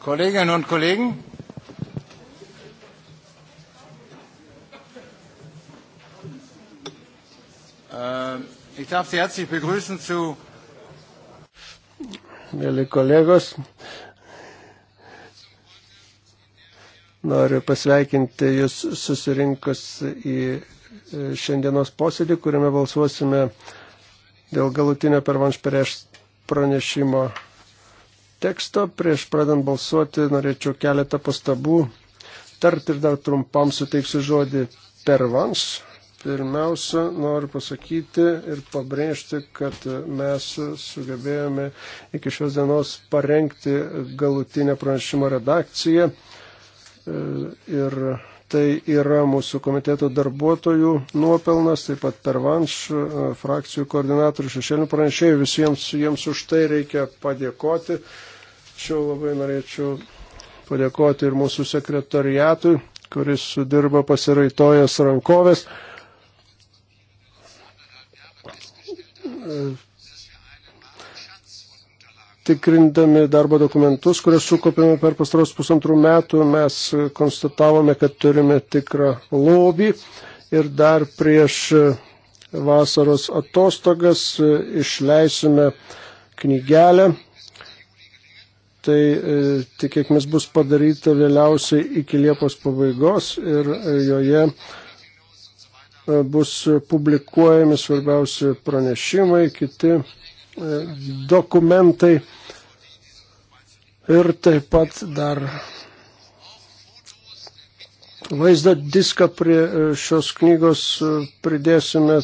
Kolleginnen und Kollegen, äh, ich darf Sie herzlich begrüßen zu. Mėly kolegos, noriu pasveikinti Jūs susirinkus į e, šiandienos posėdį, kuriame balsuosime dėl galutinio pervanš prieš pranešimo teksto. Prieš pradant balsuoti norėčiau keletą pastabų tart ir dar trumpam suteiksiu žodį pervans. Pirmiausia, noriu pasakyti ir pabrėžti, kad mes sugebėjome iki šios dienos parengti galutinę pranešimo redakciją. Ir tai yra mūsų komiteto darbuotojų nuopelnas, taip pat pervanš frakcijų koordinatorių šešėlių pranešėjų. Visiems jiems už tai reikia padėkoti. Tačiau labai norėčiau padėkoti ir mūsų sekretariatui, kuris sudirba pasiraitojęs rankovės. Tikrindami darbo dokumentus, kuriuos sukopėme per pastaros pusantrų metų, mes konstatavome, kad turime tikrą lobį ir dar prieš vasaros atostogas išleisime knygelę Tai e, tikėkime bus padaryta vėliausiai iki Liepos pabaigos ir e, joje e, bus publikuojami svarbiausi pranešimai, kiti dokumentai ir taip pat dar vaizdo diską prie šios knygos pridėsime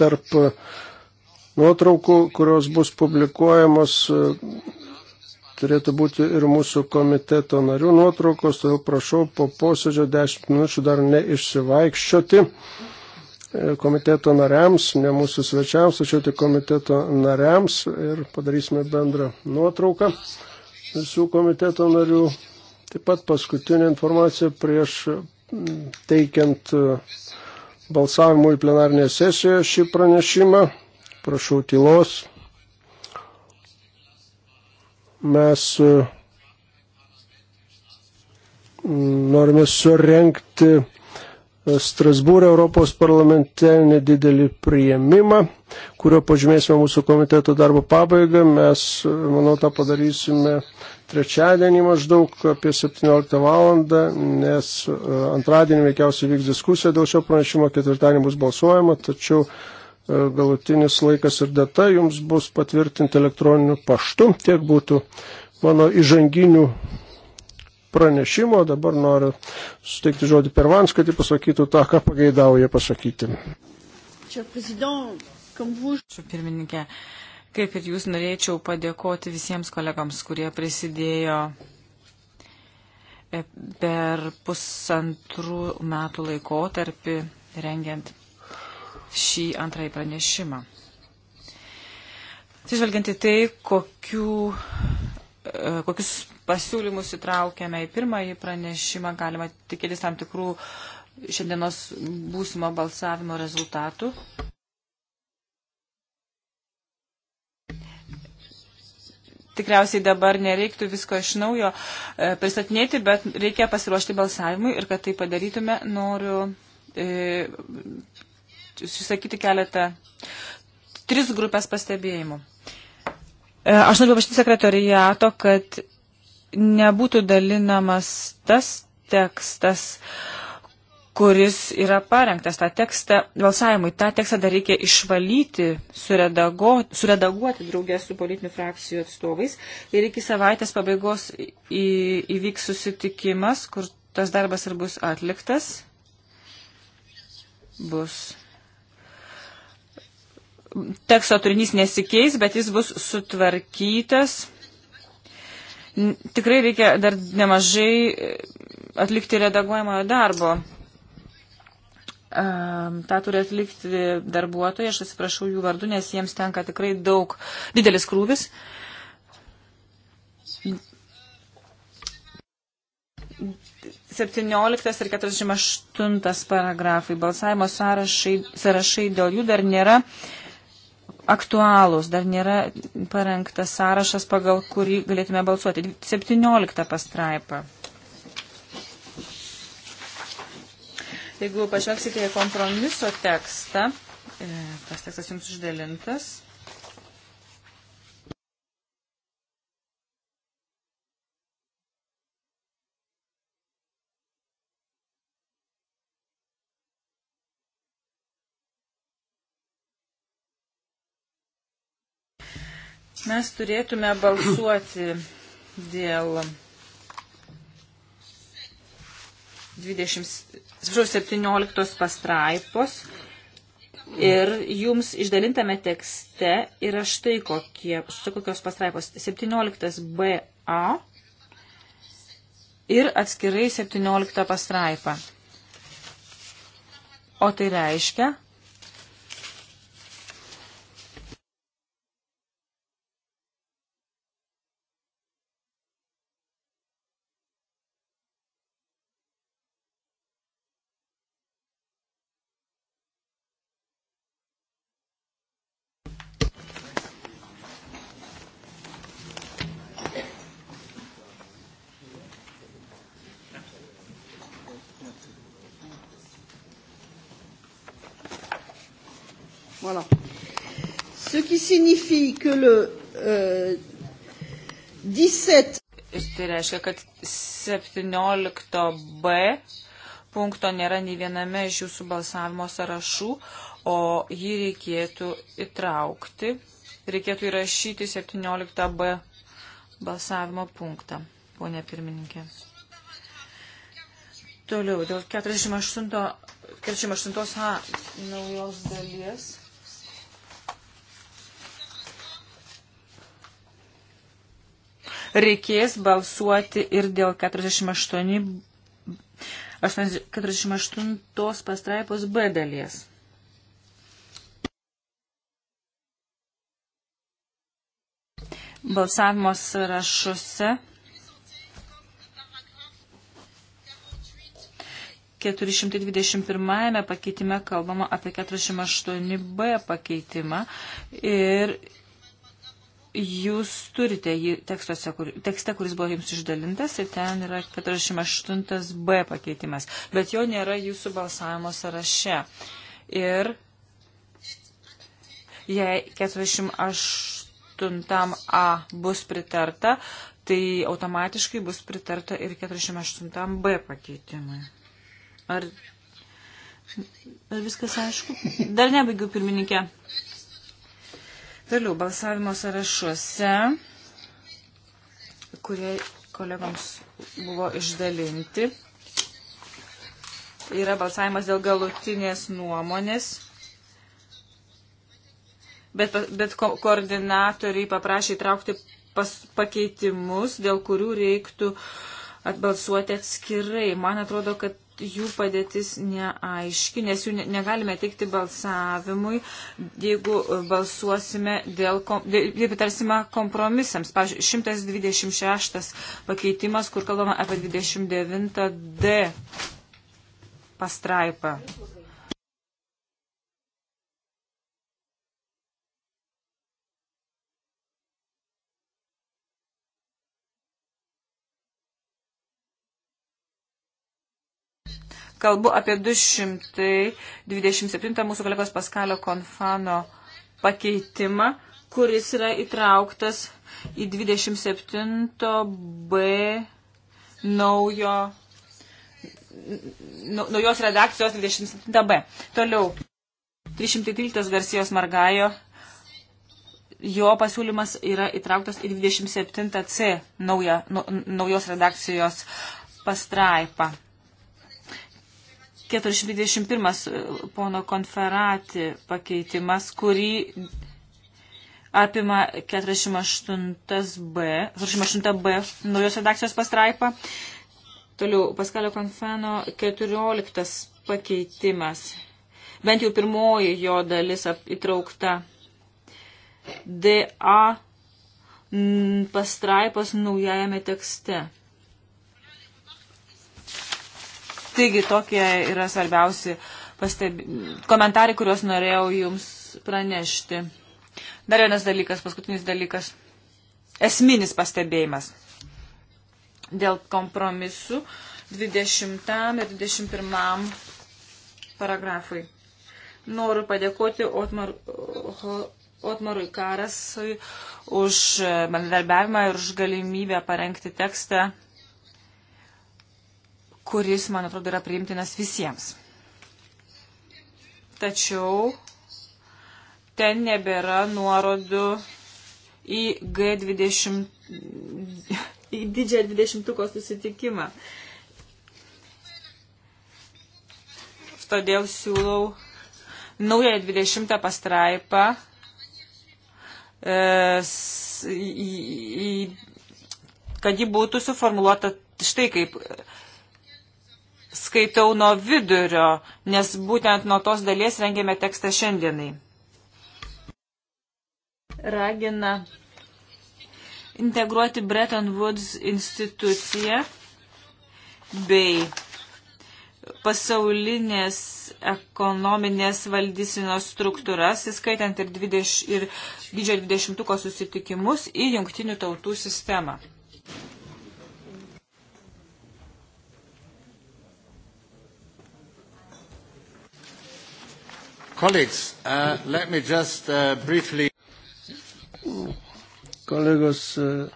tarp nuotraukų, kurios bus publikuojamos turėtų būti ir mūsų komiteto narių nuotraukos, todėl prašau po posėdžio 10 minučių dar neišsivaikščioti e, komiteto nariams, ne mūsų svečiams, tačiau tik komiteto nariams ir padarysime bendrą nuotrauką visų komiteto narių. Taip pat paskutinė informacija prieš teikiant e, balsavimui plenarnėje sesijoje šį pranešimą. Prašau tylos mes mm, norime surenkti e, Strasbūrė Europos parlamente nedidelį prieimimą, kurio pažymėsime mūsų komiteto darbo pabaigą. Mes, manau, tą padarysime trečiadienį maždaug apie 17 valandą, nes e, antradienį veikiausiai vyks diskusija dėl šio pranešimo, ketvirtadienį bus balsuojama, tačiau uh, E, galutinis laikas ir data jums bus patvirtinti elektroniniu paštu. Tiek būtų mano įžanginių pranešimo. Dabar noriu suteikti žodį per vans, kad jį pasakytų tą, ką pageidauja pasakyti. Čia pirmininkė, kaip ir jūs norėčiau padėkoti visiems kolegams, kurie prisidėjo e, per pusantrų metų laikotarpį rengiant šį antrąjį pranešimą. Atsižvelgiant į tai, kokiu, e, kokius pasiūlymus įtraukėme į pirmąjį pranešimą, galima tikėtis tam tikrų šiandienos būsimo balsavimo rezultatų. tikriausiai dabar nereiktų visko iš naujo e, pristatinėti, bet reikia pasiruošti balsavimui ir kad tai padarytume, noriu e, išsakyti keletą, tris grupės pastebėjimų. E, aš noriu paprašyti sekretoriato, kad nebūtų dalinamas tas tekstas, kuris yra parengtas tą tekstą balsavimui. Tą tekstą dar reikia išvalyti, suredaguoti, suredaguoti draugę su politinių frakcijų atstovais. Ir iki savaitės pabaigos į, įvyks susitikimas, kur tas darbas ir bus atliktas. Bus teksto turinys nesikeis, bet jis bus sutvarkytas. Tikrai reikia dar nemažai e, atlikti redaguojamojo darbo. Ta turi atlikti darbuotojai, aš atsiprašau jų vardu, nes jiems tenka tikrai daug, didelis krūvis. Thank you. 17 ir 48 paragrafai. Balsavimo sąrašai, sąrašai dėl jų dar nėra aktualūs, dar nėra parengtas sąrašas, pagal kurį galėtume balsuoti. 17 pastraipa. Jeigu pažvelgsite į kompromiso tekstą, e, tas tekstas jums išdalintas. Mes turėtume balsuoti dėl 20, 17 pastraipos ir jums išdalintame tekste yra štai, kokie, štai kokios pastraipos 17 BA ir atskirai 17 pastraipą. O tai reiškia, que le euh, 17. Tai reiškia, kad 17b punkto nėra nei viename iš jūsų balsavimo sąrašų, o jį reikėtų įtraukti. Reikėtų įrašyti 17b balsavimo punktą, ponė pirmininkė. Toliau, dėl 48, 48a naujos dalies. reikės balsuoti ir dėl 48, 48 pastraipos B dalies. Balsavimo sąrašuose 421 pakeitime kalbama apie 48b pakeitimą ir Jūs turite jį tekstuose, kur, tekste, kuris buvo jums išdalintas ir ten yra 48b pakeitimas, bet jo nėra jūsų balsavimo sąraše. Ir jei 48a bus pritarta, tai automatiškai bus pritarta ir 48b pakeitimai. Ar, ar viskas aišku? Dar nebaigiu pirmininkė. Toliau balsavimo sąrašuose, kurie kolegoms buvo išdalinti, yra balsavimas dėl galutinės nuomonės. Bet, bet ko, koordinatoriai paprašė įtraukti pas, pakeitimus, dėl kurių reiktų atbalsuoti atskirai. Man atrodo, kad jų padėtis neaiški, nes jų negalime teikti balsavimui, jeigu e, balsuosime dėl, jeigu tarsime kompromisams. Pavyzdžiui, 126 pakeitimas, kur kalbama apie 29D pastraipą. Kalbu apie 227 mūsų kolegos Paskalio Konfano pakeitimą, kuris yra įtrauktas į 27b naujo, naujos redakcijos 27b. Toliau. 313 Garcijos Margajo jo pasiūlymas yra įtrauktas į 27C naują, nu, naujos redakcijos pastraipą. 421 e, pono konferati pakeitimas, kurį apima 48b, 48b naujos redakcijos pastraipą. Toliau Paskalio Konfeno 14 pakeitimas. Bent jau pirmoji jo dalis įtraukta. DA pastraipos naujajame tekste. Taigi tokie yra svarbiausi pastebi... komentarai, kuriuos norėjau Jums pranešti. Dar vienas dalykas, paskutinis dalykas. Esminis pastebėjimas. Dėl kompromisų 20 ir 21 paragrafui. Noriu padėkoti Otmar, Otmarui Karasui už bendarbiavimą ir už galimybę parengti tekstą kuris, man atrodo, yra priimtinas visiems. Tačiau ten nebėra nuorodų į G20, į didžiąją 20 susitikimą. Todėl siūlau naują 20 pastraipą e, kad ji būtų suformuoluota štai kaip skaitau nuo vidurio, nes būtent nuo tos dalies rengėme tekstą šiandienai. Ragina integruoti Bretton Woods instituciją bei pasaulinės ekonominės valdysinos struktūras, įskaitant ir, 20, ir didžiojo dvidešimtuko susitikimus į jungtinių tautų sistemą. Colleagues, uh, let me just uh, briefly. Kolegos, uh,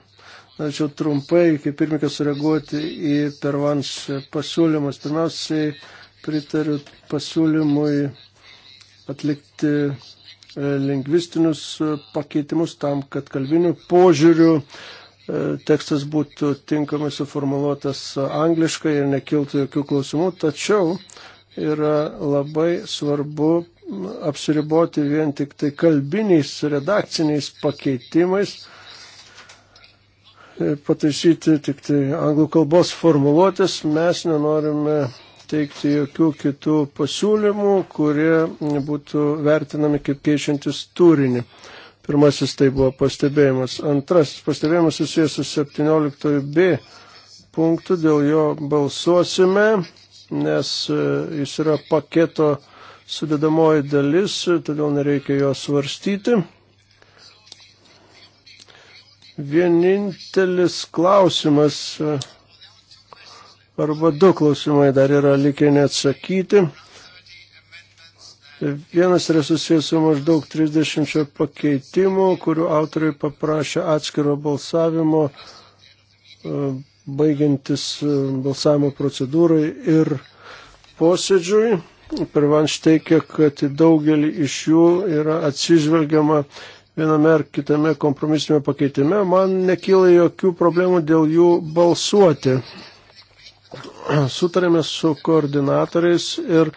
norėčiau trumpai, kaip pirmininkas, sureaguoti į pervans pasiūlymus. Pirmiausiai pritariu pasiūlymui atlikti uh, lingvistinius uh, pakeitimus tam, kad kalbinių požiūrių tekstas būtų tinkamai suformuoluotas angliškai ir nekiltų jokių klausimų. Tačiau yra labai svarbu apsiriboti vien tik tai kalbiniais, redakciniais pakeitimais, e, pataisyti tik tai anglų kalbos formuluotės, mes nenorime teikti jokių kitų pasiūlymų, kurie būtų vertinami kaip keičiantis turinį. Pirmasis tai buvo pastebėjimas. Antrasis pastebėjimas susijęs su 17b punktu, dėl jo balsuosime, nes e, jis yra paketo sudėdamoji dalis, todėl nereikia jo svarstyti. Vienintelis klausimas arba du klausimai dar yra likę neatsakyti. Vienas yra susijęs su maždaug 30 pakeitimų, kurių autoriai paprašė atskiro balsavimo, e, baigiantis e, balsavimo procedūrai ir posėdžiui. Pervanš teikia, kad daugelį iš jų yra atsižvelgiama viename ar kitame kompromisinėme pakeitime. Man nekyla jokių problemų dėl jų balsuoti. Sutarėme su koordinatoriais ir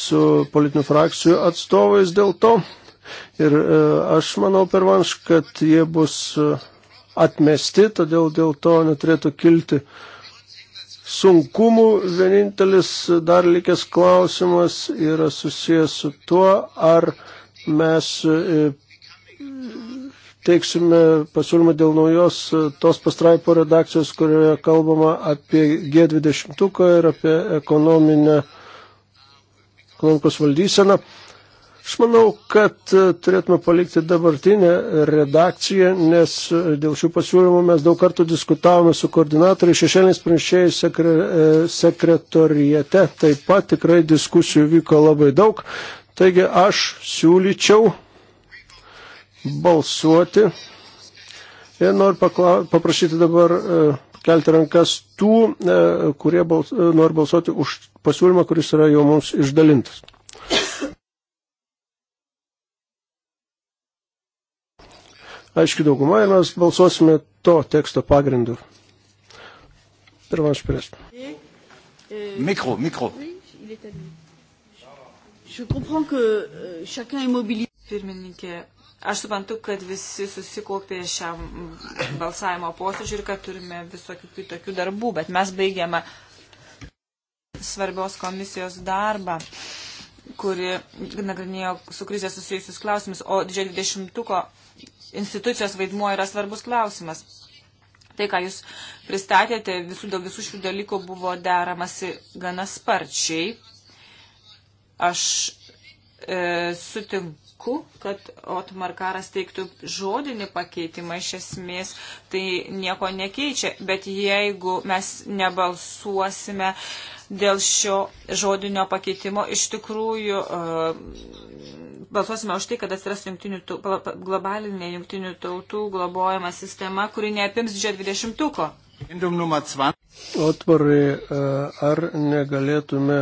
su politinių frakcijų atstovais dėl to. Ir e, aš manau, pervanš, kad jie bus e, atmesti, todėl dėl to neturėtų kilti uh, sunkumų. Vienintelis dar likęs klausimas yra susijęs su tuo, ar mes e, teiksime pasiūlymą dėl naujos e, tos pastraipo redakcijos, kurioje kalbama apie G20 ir apie ekonominę ekonomikos valdyseną. Aš manau, kad e, turėtume palikti dabartinę redakciją, nes e, dėl šių pasiūlymų mes daug kartų diskutavome su koordinatoriais, šešėlės pranešėjais sekre, e, sekretorijete. Taip pat tikrai diskusijų vyko labai daug. Taigi aš siūlyčiau balsuoti ir noriu pakla, paprašyti dabar kelti rankas tų, kurie bals, nori balsuoti už pasiūlymą, kuris yra jau mums išdalintas. aiški dauguma ir mes balsuosime to teksto pagrindu. Pirmas prieš. Mikro, mikro. Euh, Pirmininkė, aš suprantu, kad visi susikopė šiam balsavimo posėdžiui ir kad turime visokių kitokių darbų, bet mes baigiame svarbios komisijos darbą kuri nagrinėjo su krizė susijusius klausimus, o didžiojo dvidešimtuko institucijos vaidmuo yra svarbus klausimas. Tai, ką jūs pristatėte, visų, dėl visų šių dalykų buvo deramasi gana sparčiai. Aš e, sutinku, kad Otmar Karas teiktų žodinį pakeitimą iš esmės, tai nieko nekeičia. Bet jeigu mes nebalsuosime, e, dėl šio žodinio pakeitimo. Iš tikrųjų, e, balsuosime už tai, kad atsiras jungtinių, globalinė jungtinių tautų globojama sistema, kuri neapims didžio dvidešimtuko. Otvarai, e, ar negalėtume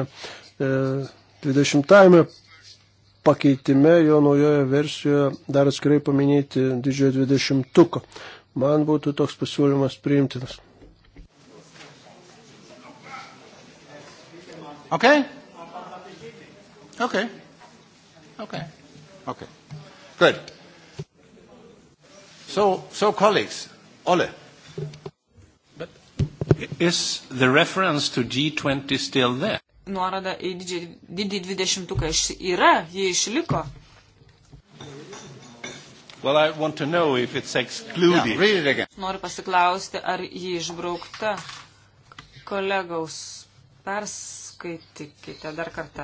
20-ame e, pakeitime jo naujoje versijoje dar atskirai paminėti didžiojo dvidešimtuko. Man būtų toks pasiūlymas priimtinas. Okay? Okay. Okay. Okay. Good. So, so colleagues, Ole. But is the reference to G20 still there? Nuorada į didį dvidešimtuką yra, ji išliko. Well, I want to know if it's excluded. Yeah, read it again. Noriu pasiklausti, ar ji išbraukta kolegaus pers kai tikite. Dar kartą.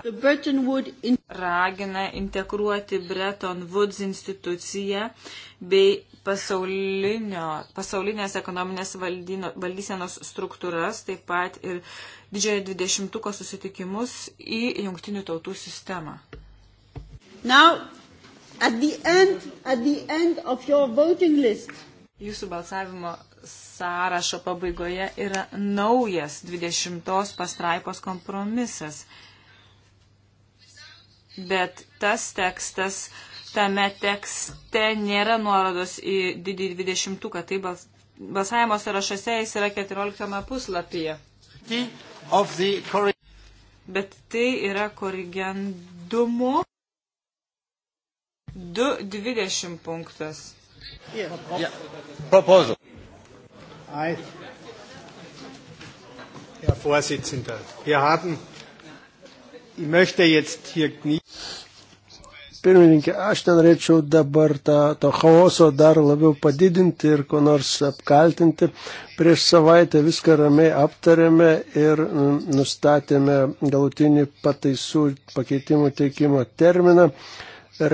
In... Ragina integruoti Bretton Woods instituciją bei pasaulinės ekonominės valdyno, valdysenos struktūras, taip pat ir didžiojo dvidešimtuko susitikimus į jungtinių tautų sistemą. Now, at the end, at the end of your voting list. Jūsų balsavimo sąrašo pabaigoje yra naujas 20 pastraipos kompromisas. Bet tas tekstas, tame tekste nėra nuorodos į didį 20, kad tai bals, balsavimo sąrašuose jis yra 14 puslapyje. Bet tai yra korrigendumo 2.20 punktas. Yeah. Yeah. Proposal. Hi. Herr Vorsitzender, wir haben, ich möchte jetzt hier nicht. Pirmininkė, aš ten norėčiau dabar tą, to chaoso dar labiau padidinti ir ko nors apkaltinti. Prieš savaitę viską ramiai aptarėme ir mm, nustatėme galutinį pataisų pakeitimų teikimo terminą,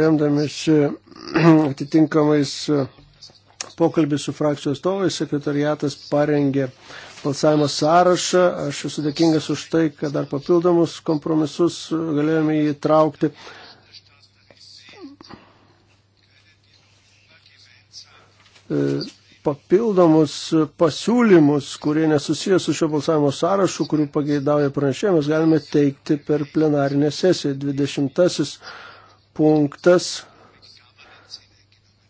remdamėsi atitinkamais pokalbį su frakcijos tovais, sekretariatas parengė balsavimo sąrašą. Aš esu dėkingas už tai, kad dar papildomus kompromisus galėjome įtraukti. E, papildomus pasiūlymus, kurie nesusijęs su šio balsavimo sąrašu, kurių pageidauja pranešėjai, mes galime teikti per plenarinę sesiją. 20 punktas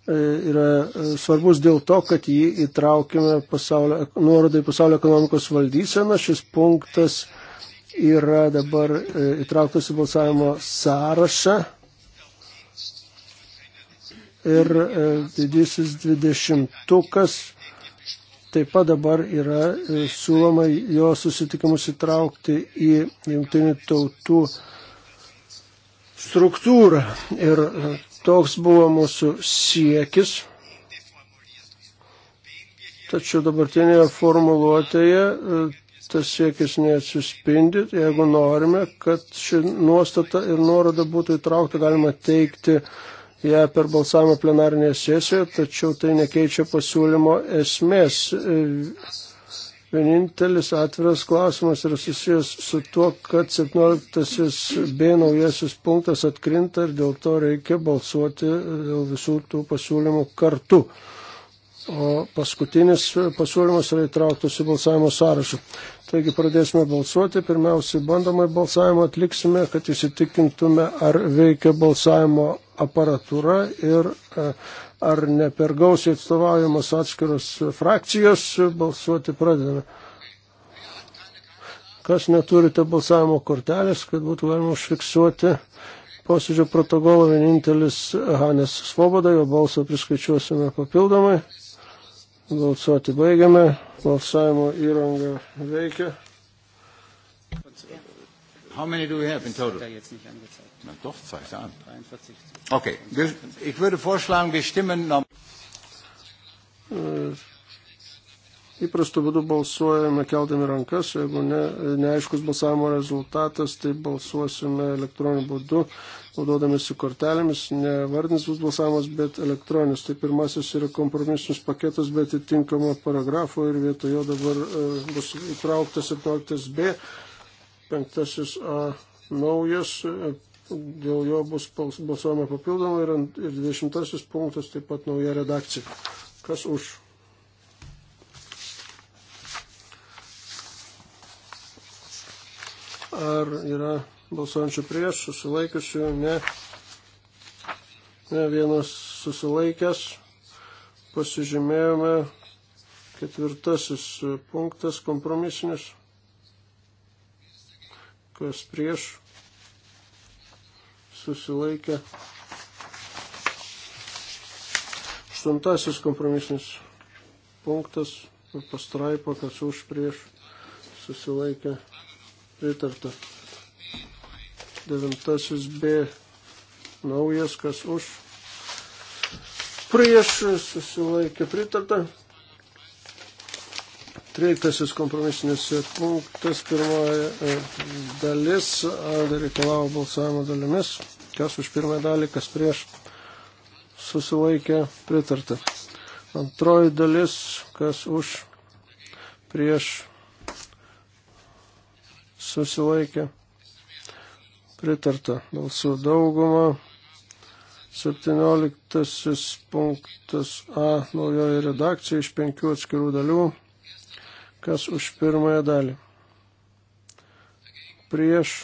E, yra e, svarbus dėl to, kad jį įtraukime pasaulio, nuorodą į pasaulio ekonomikos valdyseną. Šis punktas yra dabar e, įtrauktas į balsavimo sąrašą. Ir didysis dvidešimtukas taip pat dabar yra siūloma jo susitikimus įtraukti į jungtinių tautų struktūrą. Ir Toks buvo mūsų siekis. Tačiau dabartinėje formuluotėje e, tas siekis neatsispindi. Jeigu norime, kad ši nuostata ir nuoroda būtų įtraukta, galima teikti ją ja, per balsavimą plenarinėje sesijoje, tačiau tai nekeičia pasiūlymo esmės. E, Vienintelis atviras klausimas yra susijęs su tuo, kad 17 B naujasis punktas atkrinta ir dėl to reikia balsuoti dėl visų tų pasiūlymų kartu. O paskutinis pasiūlymas yra įtrauktas į balsavimo sąrašą. Taigi pradėsime balsuoti. Pirmiausiai bandomai balsavimą atliksime, kad įsitikintume, ar veikia balsavimo aparatūra ir. E, ar ne per gausiai atstovaujamos atskiros frakcijos, balsuoti pradedame. Kas neturite balsavimo kortelės, kad būtų galima užfiksuoti posėdžio protokolą, vienintelis Hanes Svoboda, jo balsą priskaičiuosime papildomai. Balsuoti baigiame, balsavimo įranga veikia. How many do we have in total? Na, doch, zeigt an. 43. Okay. Ich würde vorschlagen, wir stimmen noch. Äh, įprastu būdu balsuojame keldami rankas, jeigu ne, neaiškus balsavimo rezultatas, tai balsuosime elektroniniu būdu, naudodamėsi kortelėmis, ne vardinis bus balsavimas, bet elektroninis. Tai pirmasis yra kompromisinis paketas, bet atitinkamo paragrafo ir vietojo dabar e, bus įtrauktas 17b, 5a naujas dėl jo bus balsuojama papildomai ir, ir 20 punktas taip pat nauja redakcija. Kas už? Ar yra balsuojančių prieš, susilaikiusių, ne, ne vienas susilaikęs. Pasižymėjome ketvirtasis punktas kompromisinis. Kas prieš? susilaikė. Aštuntasis kompromisinis punktas, pastraipa, kas už prieš susilaikė pritarta. Devintasis B naujas, kas už prieš susilaikė pritarta. Tryliktasis kompromisinis punktas, pirmoji e, dalis, reikalavo balsavimo dalimis. Kas už pirmąją dalį, kas prieš susilaikė pritarta. Antroji dalis, kas už prieš susilaikė pritarta. Balsų dauguma. 17 punktas A naujoje redakcijoje iš penkių atskirų dalių. Kas už pirmąją dalį? Prieš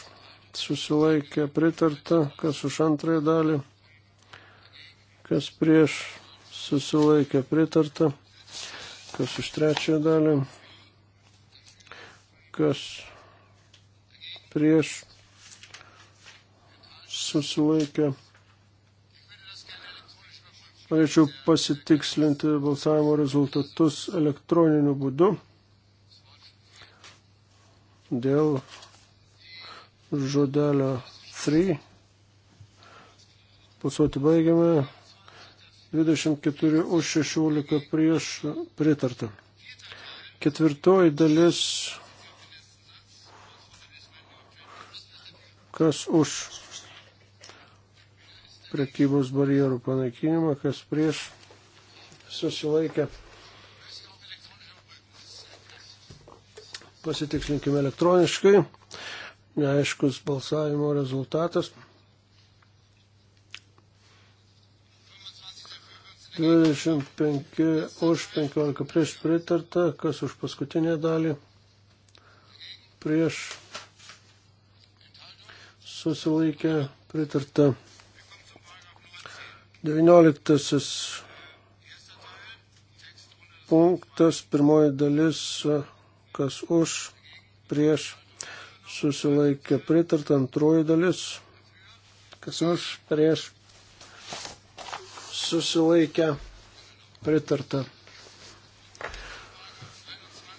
susilaikė pritarta, kas už antrąją dalį, kas prieš susilaikė pritarta, kas už trečiąją dalį, kas prieš susilaikė. Norėčiau pasitikslinti balsavimo rezultatus elektroniniu būdu dėl žodelio 3. Pasuoti baigiame. 24 už 16 prieš pritartą. Ketvirtoji dalis. Kas už prekybos barjerų panaikinimą, kas prieš susilaikė. Pasitikslinkime elektroniškai neaiškus balsavimo rezultatas. 25 už 15 prieš pritarta, kas už paskutinę dalį prieš susilaikė pritarta. 19 punktas, pirmoji dalis, kas už prieš susilaikė pritart antroji dalis, kas už prieš susilaikė pritarta.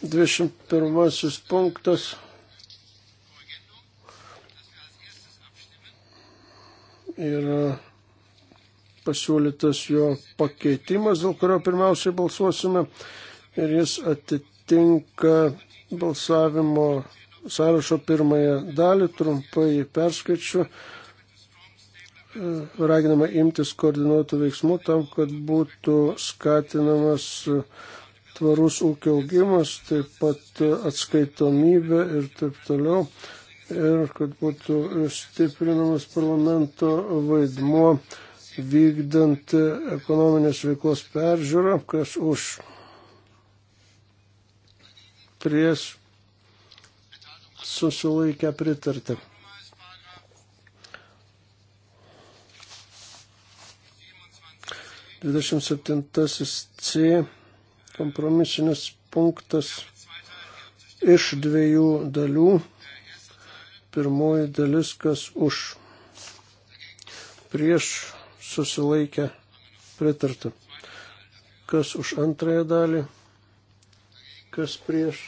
21 punktas. Ir pasiūlytas jo pakeitimas, dėl kurio pirmiausiai balsuosime. Ir jis atitinka balsavimo sąrašo pirmąją dalį, trumpai perskaičiu. E, raginama imtis koordinuotų veiksmų tam, kad būtų skatinamas e, tvarus ūkio augimas, taip pat e, atskaitomybė ir taip toliau. Ir kad būtų stiprinamas parlamento vaidmuo vykdant ekonominės veiklos peržiūrą, kas už prieš susilaikę pritarti. Dvidešimt septintasis C kompromisinis punktas iš dviejų dalių. Pirmoji dalis, kas už prieš susilaikę pritartą. Kas už antrąją dalį, kas prieš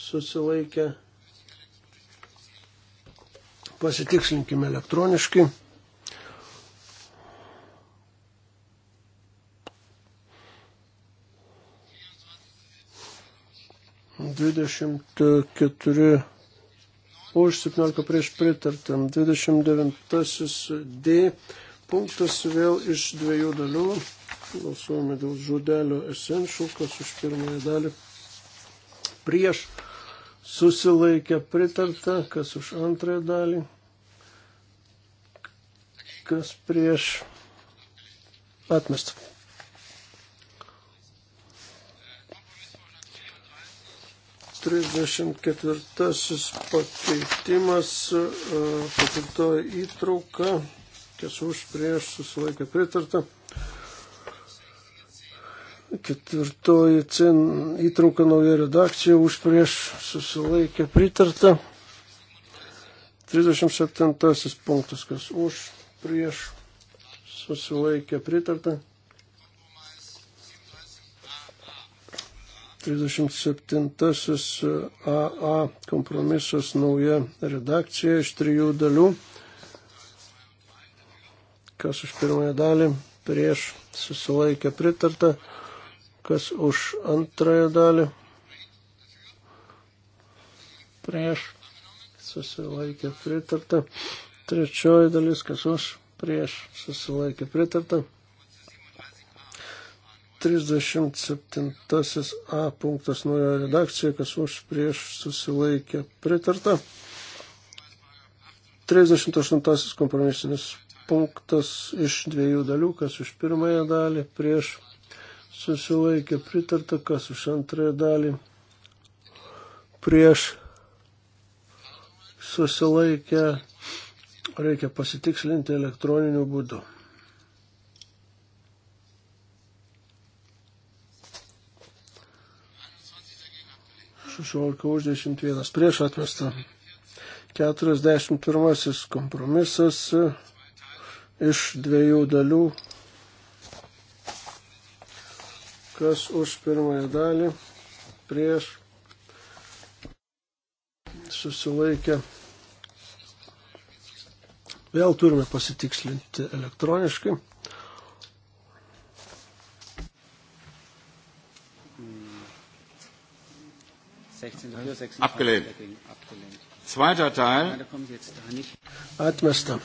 susilaikę. Pasitikslinkime elektroniškai. Dvidešimt keturi už 17 prieš pritartam. 29 D punktas vėl iš dviejų dalių. Balsuojame dėl žodelio essential, kas už pirmąją dalį prieš susilaikė pritarta, kas už antrąją dalį, kas prieš atmestą. Trisdešimt ketvirtasis pakeitimas, patirtoji e, įtrauka, kas už prieš susilaikė pritarta. Ketvirtoji cen įtrauka nauja redakcija už prieš susilaikė pritarta. 37 punktas, kas už prieš susilaikė pritarta. 37 AA kompromisas nauja redakcija iš trijų dalių. Kas už pirmąją dalį prieš susilaikė pritarta. Kas už antrąją dalį? Prieš. Susilaikė pritarta. Trečioji dalis, kas už? Prieš. Susilaikė pritarta. 37 A punktas naujo redakcija, kas už prieš susilaikė pritarta. 38 kompromisinis punktas iš dviejų dalių, kas už pirmąją dalį prieš susilaikė pritarta, kas už antrąją dalį prieš susilaikė, reikia pasitikslinti elektroniniu būdu. Šešiolika už dešimt vienas prieš atmestą. Keturiasdešimt pirmasis kompromisas iš dviejų dalių Kas už pirmąją dalį prieš susilaikę. Vėl turime pasitikslinti elektroniškai. Abgelehnt. Zweiter Teil. Atmesta.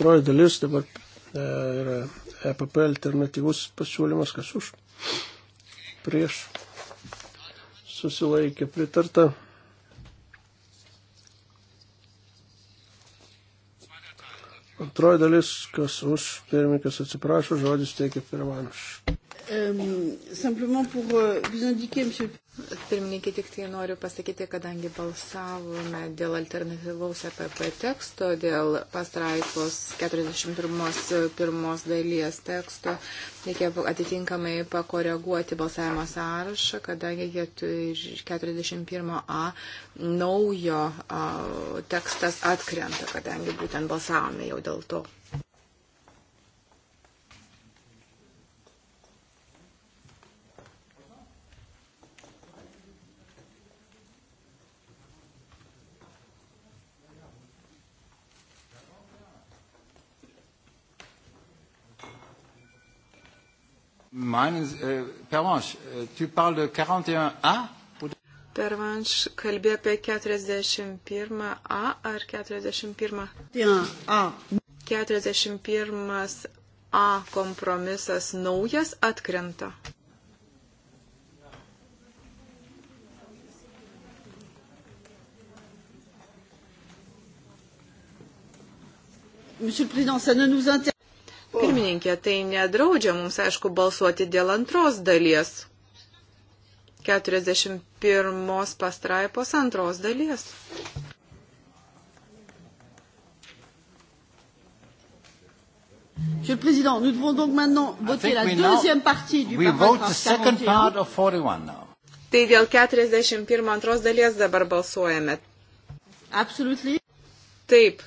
Troja dalis dabar E, yra EPP alternatyvus pasiūlymas, kas už, prieš, susilaikė pritarta. Antroji dalis, kas už, pirmininkas atsiprašo, žodis teikia pirmanš. Euh, euh, Pirmininkė tik tai noriu pasakyti, kadangi balsavome dėl alternatyvaus EPP teksto, dėl pastraipos 41 dalies teksto, reikia atitinkamai pakoreguoti balsavimo sąrašą, kadangi 41a naujo a, tekstas atkrenta, kadangi būtent balsavome jau dėl to. Meines, euh, äh, Pervanche, äh, tu parles de 41A? Pervanche, kalbė apie 41A ar 41? 41A. 41A kompromisas naujas atkrenta. Monsieur le Président, ça ne nous intéresse Pirmininkė, tai nedraudžia mums, aišku, balsuoti dėl antros dalies. 41 pastraipos antros dalies. Monsieur le Président, nous devons donc maintenant voter la deuxième partie du paragraphe 41. Tai dėl 41 antros dalies dabar balsuojame. Absolutely. Taip.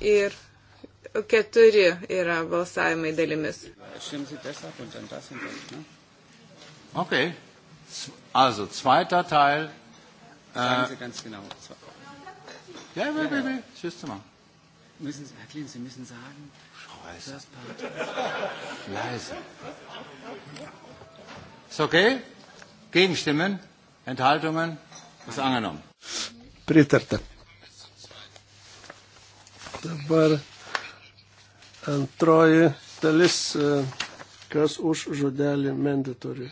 Ir keturi yra balsavimai dalimis. Okay. Also, zweiter Teil. Äh, Sagen Sie ganz genau. Ja, ja, ja, ja. Tschüss, Zimmer. Müssen Sie, Herr Klin, Sie müssen sagen. Scheiße. Leise. Ist okay? Gegenstimmen? Enthaltungen? Ist angenommen. Pritarta. Dabar Antroji dalis, e, kas už žodelį mandatory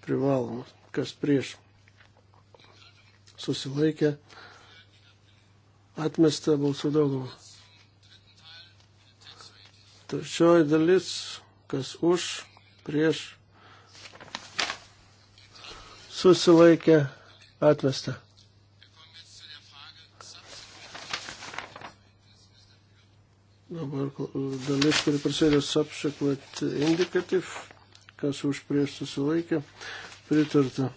privalomas, kas prieš susilaikė, atmesta balsų daugumą. Trečioji dalis, kas už, prieš susilaikė, atmesta. Dabar dalis, kuri prasideda subsequent indicative, kas už prieš susilaikė, pritarta.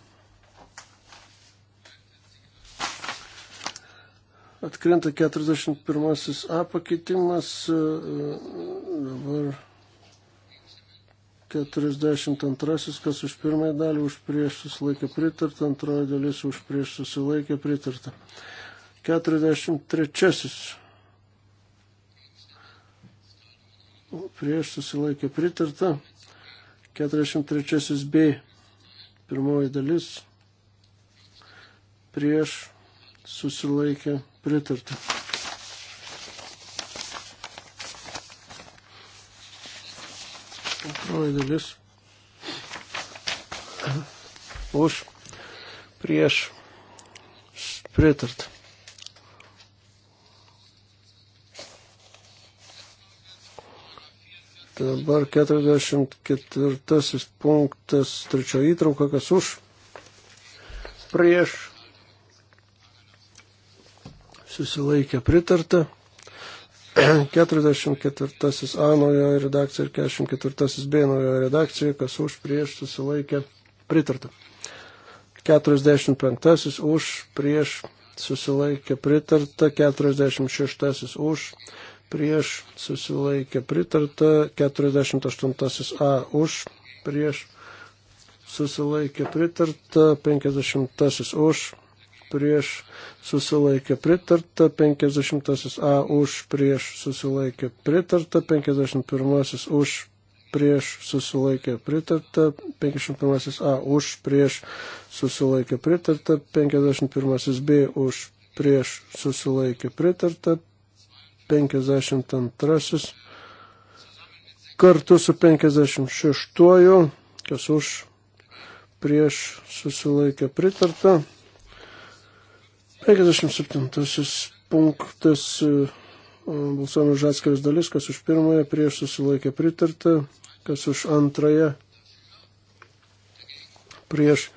Atkrenta 41 A pakeitimas, e, dabar 42, kas už pirmąją dalį už prieš susilaikė pritarta, antroji dalis už prieš susilaikė pritarta. 43. prieš susilaikė pritarta. 43 B pirmoji dalis prieš susilaikė pritarta. Antroji dalis už prieš pritartą. Dabar 44 punktas, trečio įtrauka, kas už, prieš, susilaikė pritarta. 44 A naujoje redakcijoje ir 44 B naujoje redakcijoje, kas už prieš susilaikė pritarta. 45 už prieš susilaikė pritarta, 46 už prieš susilaikė pritarta, 48 A už prieš susilaikė pritarta, 50 už prieš susilaikė pritarta, 50 A už prieš susilaikė pritarta, 51 už prieš susilaikė pritarta, 51 A už prieš susilaikė pritarta, 51 B už prieš susilaikė pritarta, 52 kartu su 56, kas už prieš susilaikė pritarta. 57 punktas e, balsuojame už atskiris dalis, kas už pirmąją prieš susilaikė pritarta, kas už antrąją prieš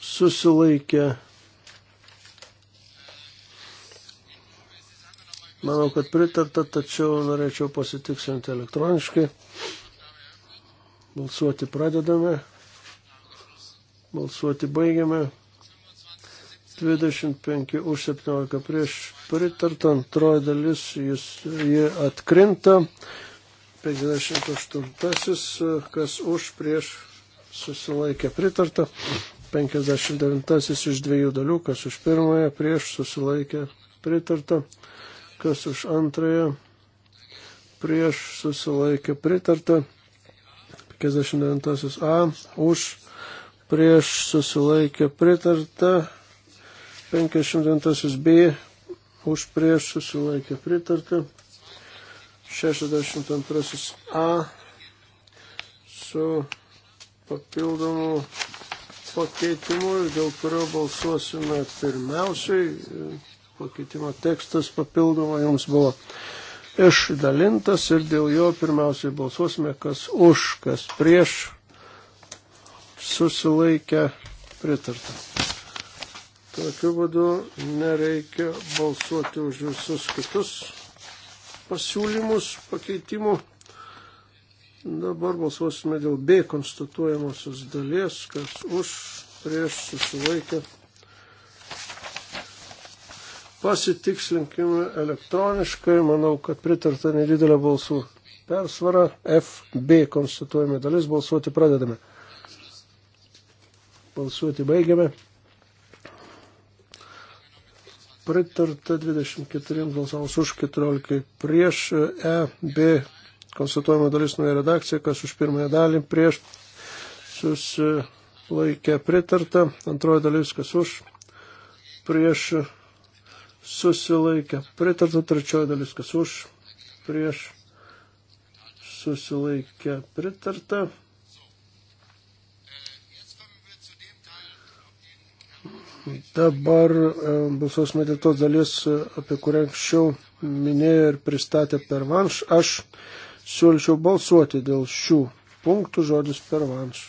susilaikė pritarta Manau, kad pritarta, tačiau norėčiau pasitiksinti elektroniškai. Balsuoti pradedame. Balsuoti baigiame. 25 už 17 prieš pritarta. Antroji dalis, jis, jie atkrinta. 58 kas už prieš susilaikė pritarta. 59 iš dviejų dalių, kas už pirmąją prieš susilaikė pritarta kas už antrąją, prieš susilaikė pritarta, 59 A, už, prieš susilaikė pritarta, 59 B, už, prieš susilaikė pritarta, 62 A, su papildomu pakeitimu, dėl kurio balsuosime pirmiausiai pakeitimo tekstas papildomo jums buvo išdalintas ir dėl jo pirmiausiai balsuosime, kas už, kas prieš susilaikę pritartą. Tokiu būdu nereikia balsuoti už visus kitus pasiūlymus, pakeitimų. Dabar balsuosime dėl B konstatuojamosios dalies, kas už, prieš susilaikę pritartą. Pasitikslinkime elektroniškai, manau, kad pritarta nedidelė balsų persvara. FB konstatuojame dalis, balsuoti pradedame. Balsuoti baigiame. Pritarta 24 balsams už 14 prieš EB konstatuojama dalis nuoja redakcija, kas už pirmąją dalį prieš susilaikė pritarta, antroji dalis kas už prieš susilaikė. Pritarta trečioji dalis, kas už, prieš, susilaikė. Pritarta. Dabar e, balsuosime dėl tos dalies, e, apie kurią anksčiau minėjo ir pristatė pervanš. Aš siūlyčiau balsuoti dėl šių punktų žodis pervanš.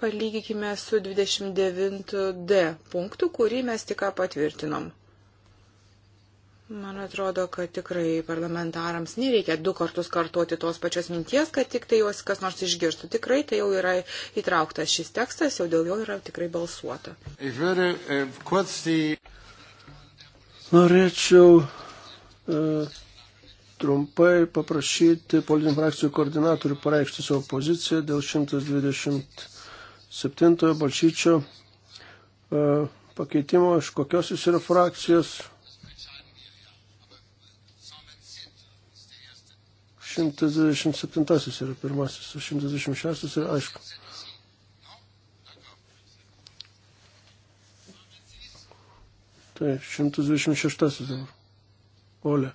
palygykime su 29D punktu, kurį mes tik patvirtinom. Man atrodo, kad tikrai parlamentarams nereikia du kartus kartuoti tos pačios minties, kad tik tai juos kas nors išgirstų. Tikrai tai jau yra įtrauktas šis tekstas, jau dėl jo yra tikrai balsuota. Norėčiau e, trumpai paprašyti politinių frakcijų koordinatorių pareikšti savo poziciją dėl 120 septintojo balšyčio e, pakeitimo, iš kokios jis yra frakcijos. 127 yra pirmasis, 126 yra aišku. Tai 126 dabar. Olė.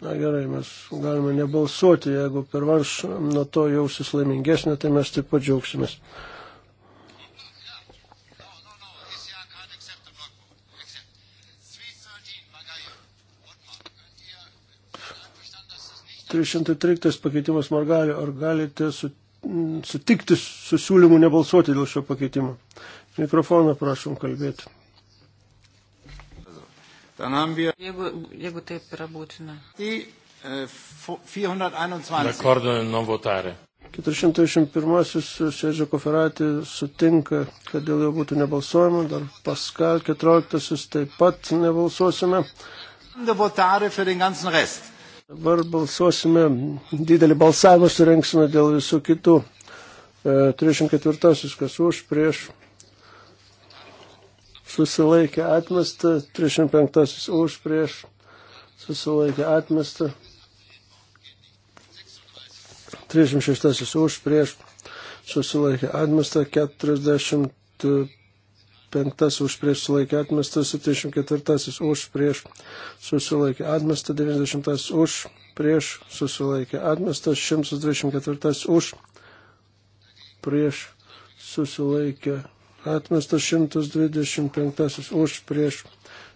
Na gerai, mes galime nebalsuoti, jeigu per varš nuo to jausis laimingesnė, tai mes taip pat džiaugsimės. Trišimtai triktas pakeitimas Margali, ar galite su, sutikti su siūlymu nebalsuoti dėl šio pakeitimo? Mikrofoną prašom kalbėti. Ambio... Jeigu, jeigu taip yra būtina. Tai 421. 421 Sėdžio koferatį sutinka, kad dėl jo būtų nebalsuojama, dar Paskal 14 taip pat nebalsuosime. Dabar balsuosime, didelį balsavimą surenksime dėl visų kitų. 34 e, kas už, prieš susilaikė atmestą, 35 už prieš susilaikė atmestą, 36 už prieš susilaikė atmestą, 45 už prieš susilaikė atmestą, 74 už prieš susilaikė atmestą, 90 už prieš susilaikė atmestą, 124 už prieš susilaikė atmestą atmestas 125 už prieš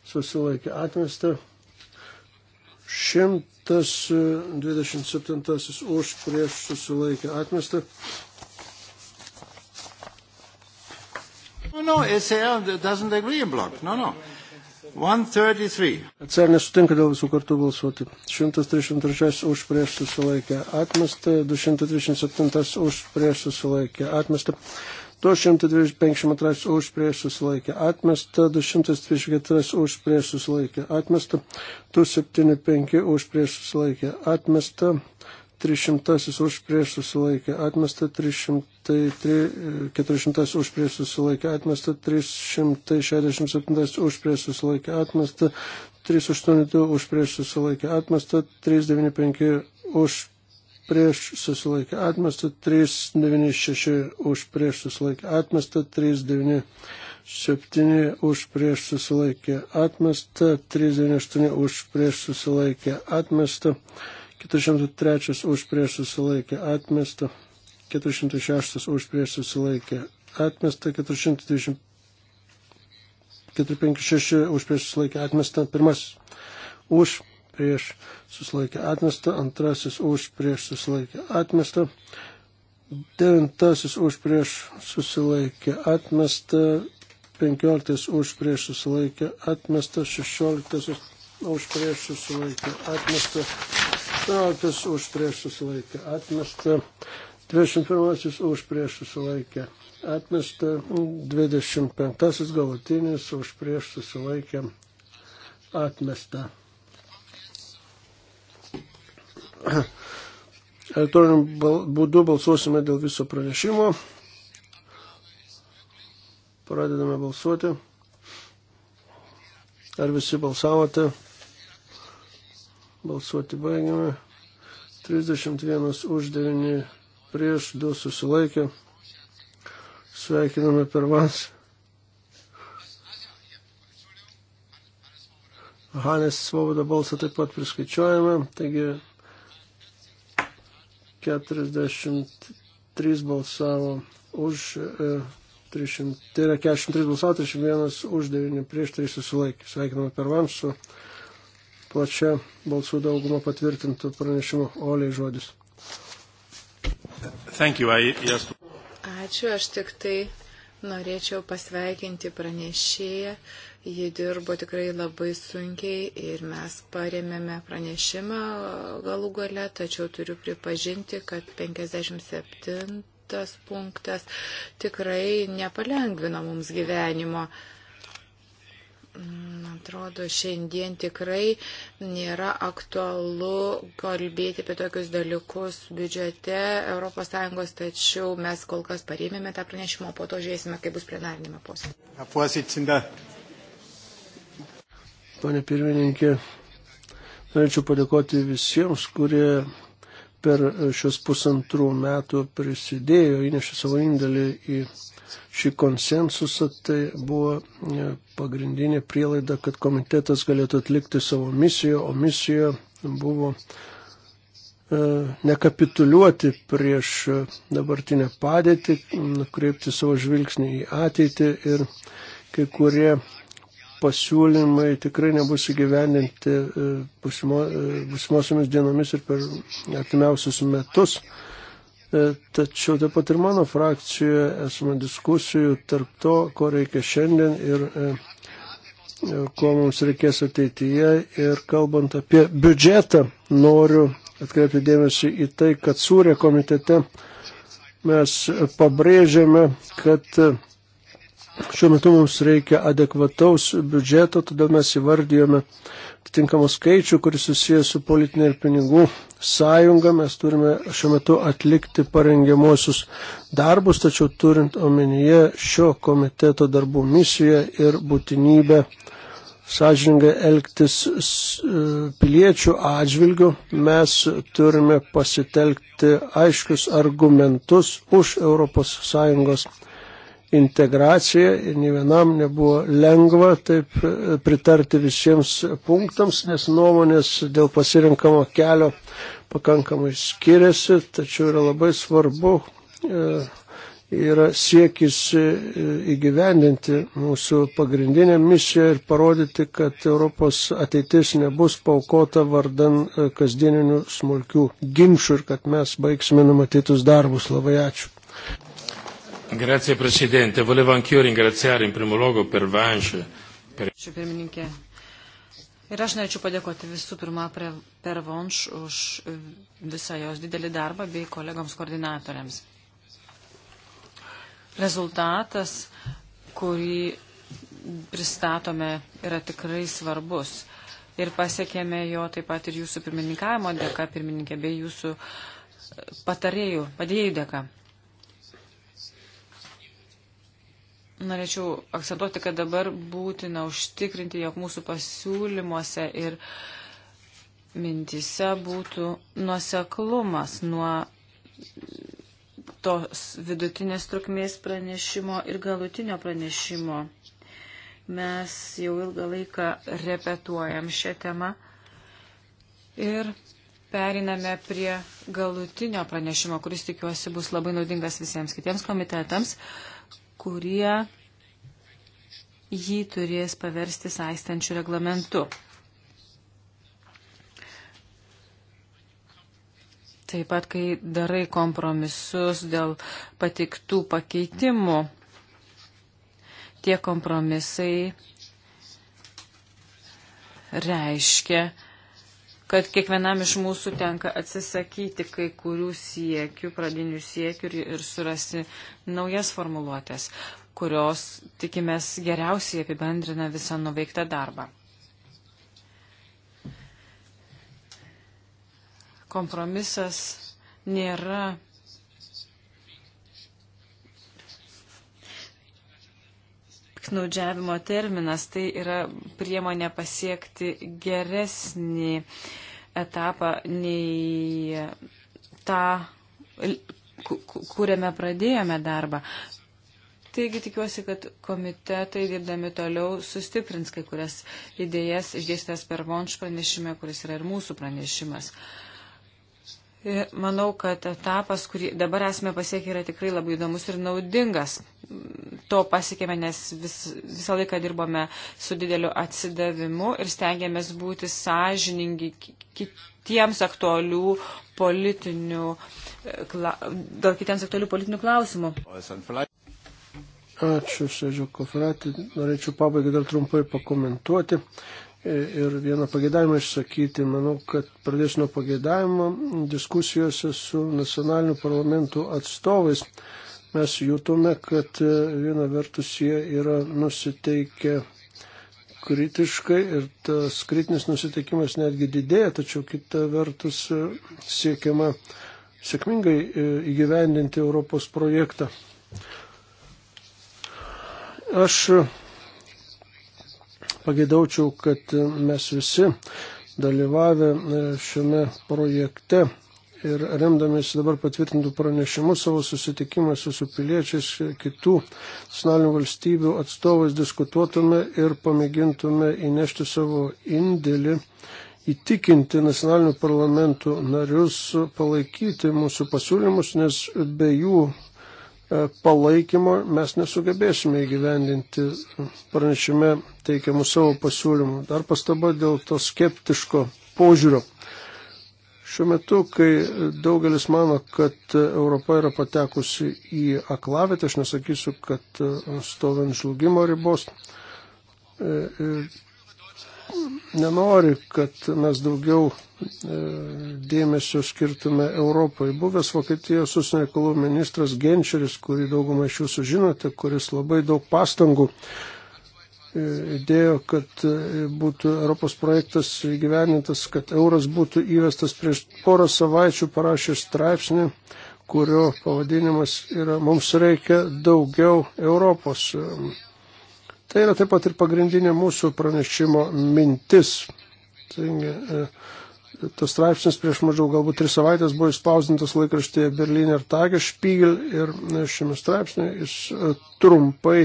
susilaikė atmestą. 127 už prieš susilaikė atmestą. No, no, SL doesn't agree in block. No, no. 133. Atsar nesutinka dėl visų kartų balsuoti. 133 už prieš susilaikė atmestą, 237 už prieš susilaikė atmestą. 252 už prieš susilaikę atmestą, 234 už prieš susilaikę atmestą, 275 už prieš susilaikę atmestą, 300 už prieš susilaikę atmestą, 400 e, už prieš susilaikę atmestą, 367 už prieš susilaikę atmestą, 382 už prieš susilaikę atmestą, 395 už prieš susilaikę atmestą, 396 už prieš susilaikę atmestą, 397 už prieš susilaikę atmestą, 398 už prieš susilaikę atmestą, 403 už prieš susilaikę atmestą, 406 už prieš susilaikę atmestą, 420. 456 už prieš susilaikę atmestą, pirmasis už prieš susilaikę atmestą, antrasis už prieš susilaikę atmestą, devintasis už prieš susilaikę atmestą, penkioliktasis už prieš susilaikę atmestą, šešioliktasis už prieš susilaikę atmestą, aštuonioliktasis už prieš susilaikę atmestą, dvidešimt pirmasis už prieš susilaikę atmesta 25 galutinis už prieš susilaikę atmesta. Elektroniniu būdu balsuosime dėl viso pranešimo. Pradedame balsuoti. Ar visi balsavote? Balsuoti baigiame. 31 už 9 prieš 2 susilaikė. Sveikiname per vas. Hanės svoboda balsą taip pat priskaičiuojame. Taigi 43 balsavo už, 300, e, tai yra 43 balsavo, 31 už, 9 prieš, 3 susilaikė. Sveikiname per vams su plačia balsų dauguma patvirtintų pranešimų. Oliai žodis. Thank you, I, yes. Ačiū, aš tik tai norėčiau pasveikinti pranešėją Ji dirbo tikrai labai sunkiai ir mes paremėme pranešimą galų gale, tačiau turiu pripažinti, kad 57 punktas tikrai nepalengvino mums gyvenimo. Man atrodo, šiandien tikrai nėra aktualu kalbėti apie tokius dalykus biudžete ES, tačiau mes kol kas parėmėme tą pranešimą, o po to žiūrėsime, kaip bus plenarinėme posėdėje ponė pirmininkė. Norėčiau padėkoti visiems, kurie per šios pusantrų metų prisidėjo, įnešė savo indėlį į šį konsensusą, tai buvo e, pagrindinė prielaida, kad komitetas galėtų atlikti savo misiją, o misija buvo e, nekapituliuoti prieš e, dabartinę padėtį, nukreipti savo žvilgsnį į ateitį ir kai kurie pasiūlymai tikrai nebus įgyvendinti e, e, busimosiomis dienomis ir per artimiausius metus. E, tačiau taip pat ir mano frakcijoje esame diskusijų tarp to, ko reikia šiandien ir ko mums reikės ateityje. Ir kalbant apie biudžetą, noriu atkreipti dėmesį į tai, kad sūrė komitete mes pabrėžiame, kad Šiuo metu mums reikia adekvataus biudžeto, todėl mes įvardijome atitinkamą skaičių, kuris susijęs su politinė ir pinigų sąjunga. Mes turime šiuo metu atlikti parengiamuosius darbus, tačiau turint omenyje šio komiteto darbų misiją ir būtinybę sąžiningai elgtis e, piliečių atžvilgių, mes turime pasitelkti aiškius argumentus už ES integraciją ir nei vienam nebuvo lengva taip e, pritarti visiems punktams, nes nuomonės dėl pasirinkamo kelio pakankamai skiriasi, tačiau yra labai svarbu, e, yra siekis e, įgyvendinti mūsų pagrindinę misiją ir parodyti, kad Europos ateitis nebus paukota vardan kasdieninių smulkių ginčių ir kad mes baigsime numatytus darbus. Labai ačiū. Grazie Presidente, volevo anch'io ringraziare in primo luogo per Vanche. Per... Ačiū pirmininkė. Ir aš norėčiau padėkoti visų pirma per Vonš už visą jos didelį darbą bei kolegoms koordinatoriams. Rezultatas, kurį pristatome, yra tikrai svarbus. Ir pasiekėme jo taip pat ir jūsų pirmininkavimo dėka, pirmininkė, bei jūsų patarėjų, padėjėjų dėka. norėčiau akcentuoti, kad dabar būtina užtikrinti, jog mūsų pasiūlymuose ir mintise būtų nuoseklumas nuo tos vidutinės trukmės pranešimo ir galutinio pranešimo. Mes jau ilgą laiką repetuojam šią temą ir periname prie galutinio pranešimo, kuris tikiuosi bus labai naudingas visiems kitiems komitetams. Uh, kurie jį turės paversti saistančių reglamentų. Taip pat, kai darai kompromisus dėl patiktų pakeitimų, tie kompromisai reiškia, kad kiekvienam iš mūsų tenka atsisakyti kai kurių siekių, pradinių siekių ir, ir surasti naujas formuluotės, kurios, tikimės, geriausiai apibendrina visą nuveiktą darbą. Kompromisas nėra piknaudžiavimo terminas, tai yra priemonė pasiekti geresnį etapą nei tą, kuriame pradėjome darbą. Taigi tikiuosi, kad komitetai dirbdami toliau sustiprins kai kurias idėjas išdėstęs per Vonš pranešime, kuris yra ir mūsų pranešimas. Uh, Manau, kad etapas, kurį dabar esame pasiekę, yra tikrai labai įdomus ir naudingas. To pasiekėme, nes vis, visą laiką dirbome su dideliu atsidavimu ir stengiamės būti sąžiningi kitiems aktualių politinių, e, kla, dėl kitiems aktualių politinių klausimų. Ačiū, Sėdžio Koferatį. Norėčiau pabaigai dar trumpai pakomentuoti ir vieną pagėdavimą išsakyti. Manau, kad pradėsiu nuo pagėdavimo diskusijose su nacionaliniu parlamentu atstovais. Mes jūtume, kad e, viena vertus jie yra nusiteikę kritiškai ir tas kritinis nusiteikimas netgi didėja, tačiau kita vertus e, siekiama sėkmingai e, įgyvendinti Europos projektą. Aš pagėdaučiau, kad mes visi dalyvavę e, šiame projekte ir remdamėsi dabar patvirtintų pranešimų savo susitikimuose su piliečiais kitų nacionalinių valstybių atstovais diskutuotume ir pamėgintume įnešti savo indėlį, įtikinti nacionalinių parlamentų narius palaikyti mūsų pasiūlymus, nes be jų E, palaikymo mes nesugebėsime įgyvendinti pranešime teikiamų savo pasiūlymų. Dar pastaba dėl to skeptiško požiūrio. Šiuo metu, kai daugelis mano, kad Europa yra patekusi į aklavietę, aš nesakysiu, kad e, stovint žlugimo ribos, e, nenori, kad mes daugiau e, dėmesio skirtume Europai. Buvęs Vokietijos užsienio reikalų ministras Genčeris, kurį daugumą iš jūsų žinote, kuris labai daug pastangų e, idėjo, kad e, būtų Europos projektas įgyvenintas, kad euras būtų įvestas prieš porą savaičių parašė straipsnį, kurio pavadinimas yra Mums reikia daugiau Europos. Tai yra taip pat ir pagrindinė mūsų pranešimo mintis. Taigi, e, tas straipsnis prieš mažiau galbūt tris savaitės buvo įspausdintas laikraštyje Berlyner Tagesspiegel ir e, šiame straipsnė jis e, trumpai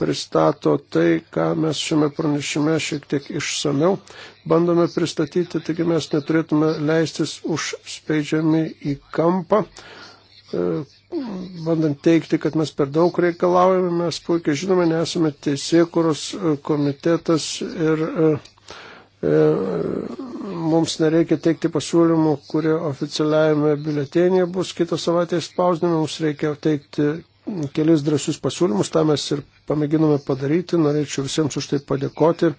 pristato tai, ką mes šiame pranešime šiek tiek išsameu bandome pristatyti, taigi mes neturėtume leistis užspeidžiami į kampą, bandant teikti, kad mes per daug reikalaujame, mes puikiai žinome, nesame teisėkuros e, komitetas ir e, e, mums nereikia teikti pasiūlymų, kurie oficialiajame biuletenėje bus kitą savaitę spausdami, mums reikia teikti kelis drąsius pasiūlymus, tą mes ir pamėginome padaryti, norėčiau visiems už tai padėkoti.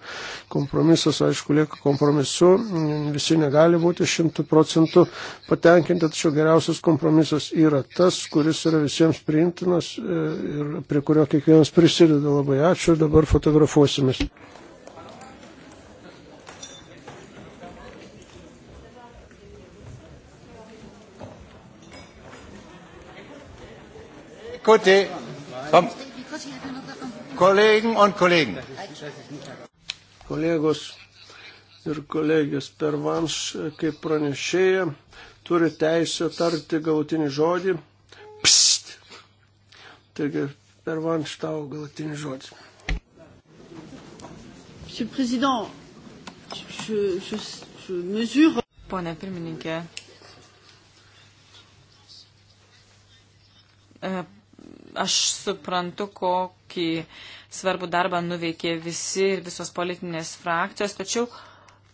Kompromisas, aišku, lieka kompromisu, visi negali būti šimtų procentų patenkinti, tačiau geriausias kompromisas yra tas, kuris yra visiems priimtinas e, ir prie kurio kiekvienas prisideda. Labai ačiū ir dabar fotografuosimės. Gute, vom Kollegen und Kollegen. Kolegos ir kolegės per vanš, kaip pranešėja, turi teisę tarti galutinį žodį. Pst. Taigi, per vanš tau galutinį žodį. Monsieur le Président, je, je, je mesure. Pone pirmininkė, aš suprantu, kokį svarbų darbą nuveikė visi ir visos politinės frakcijos, tačiau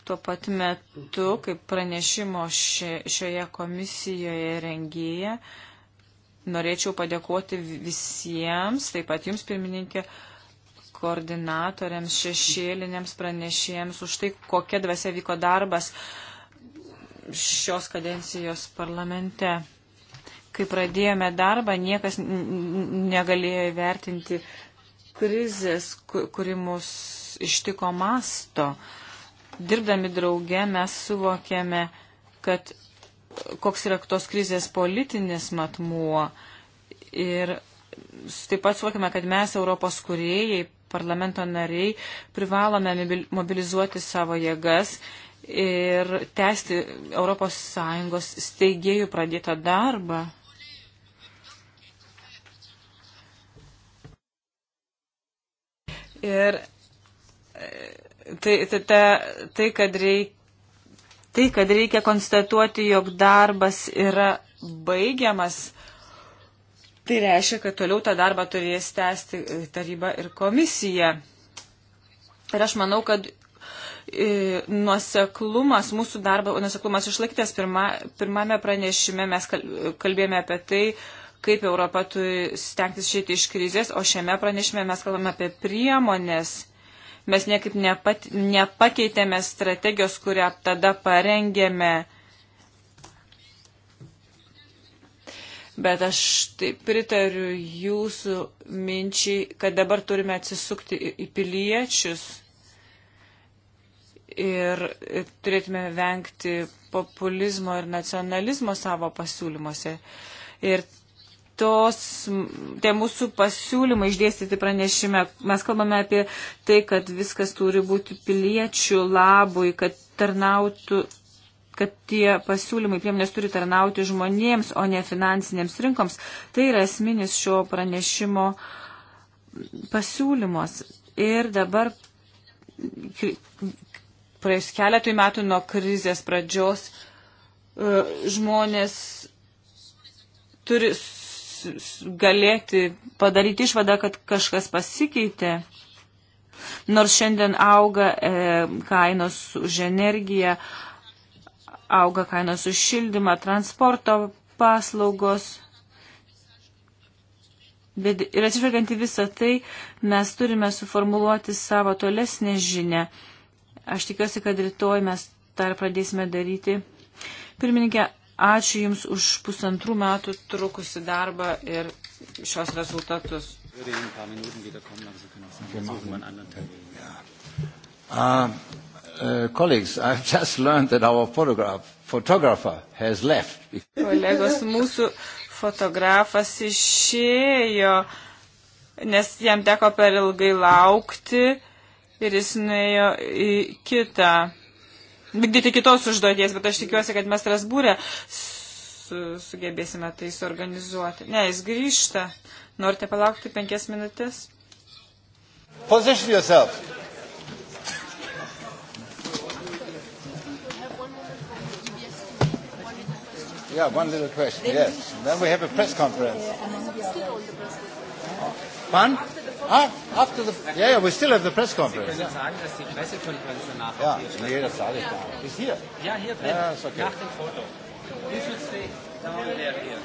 tuo pat metu, kaip pranešimo šioje komisijoje rengėja, norėčiau padėkoti visiems, taip pat jums, pirmininkė, koordinatoriams, šešėliniams pranešėjams už tai, kokia dvasia vyko darbas šios kadencijos parlamente kai pradėjome darbą, niekas negalėjo įvertinti krizės, kuri mus ištiko masto. Dirbdami drauge mes suvokėme, kad koks yra tos krizės politinis matmuo. Ir taip pat suvokime, kad mes, Europos kuriejai, parlamento nariai, privalome mobilizuoti savo jėgas ir tęsti ES steigėjų pradėtą darbą. Ir tai, tai, tai, tai, kad reikia, tai, kad reikia konstatuoti, jog darbas yra baigiamas, tai reiškia, kad toliau tą darbą turės tęsti taryba ir komisija. Ir aš manau, kad e, nuoseklumas, mūsų darbo nuoseklumas išlaikytas pirma, pirmame pranešime, mes kalbėjome apie tai, kaip Europa turi stengtis išėti iš krizės, o šiame pranešime mes kalbame apie priemonės. Mes niekaip nepat, nepakeitėme strategijos, kurią tada parengėme. Bet aš taip pritariu jūsų minčiai, kad dabar turime atsisukti į piliečius ir turėtume vengti populizmo ir nacionalizmo savo pasiūlymuose. Ir tos, tie mūsų pasiūlymai išdėstyti pranešime, mes kalbame apie tai, kad viskas turi būti piliečių labui, kad tarnautų kad tie pasiūlymai priemonės turi tarnauti žmonėms, o ne finansinėms rinkoms. Tai yra esminis šio pranešimo pasiūlymos. Ir dabar praėjus keletui metų nuo krizės pradžios e, žmonės turi galėti padaryti išvadą, kad kažkas pasikeitė. Nors šiandien auga e, kainos už energiją, auga kainos už šildymą, transporto paslaugos. Bet ir atsižvelgiant į visą tai, mes turime suformuluoti savo tolesnę žinę. Aš tikiuosi, kad rytoj mes tą pradėsime daryti. Pirmininkė, Ačiū Jums už pusantrų metų trukusi darbą ir šios rezultatus. Uh, uh, colleagues, I've just learned that our photograph, photographer has left. Kolegos, mūsų fotografas išėjo, nes jam teko per ilgai laukti ir jis nuėjo į kitą vykdyti kitos užduoties, bet aš tikiuosi, kad mes Rasbūrė su, sugebėsime tai suorganizuoti. Ne, jis grįžta. Norite palaukti penkias minutės? Position yourself. Yeah, one little question, yes. Then we have a press conference. Fun? Ah, after the, yeah, yeah, we still have the press conference. Sie können yeah. sagen, dass die Pressekonferenz danach ja, auf Nee, das sage ich ja. da. Ist hier? Ja, hier drin. Ja, ah, ist okay. Nach dem Foto. This is the down there here.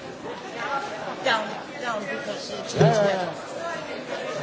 Down, down, because it's yeah, yeah, yeah.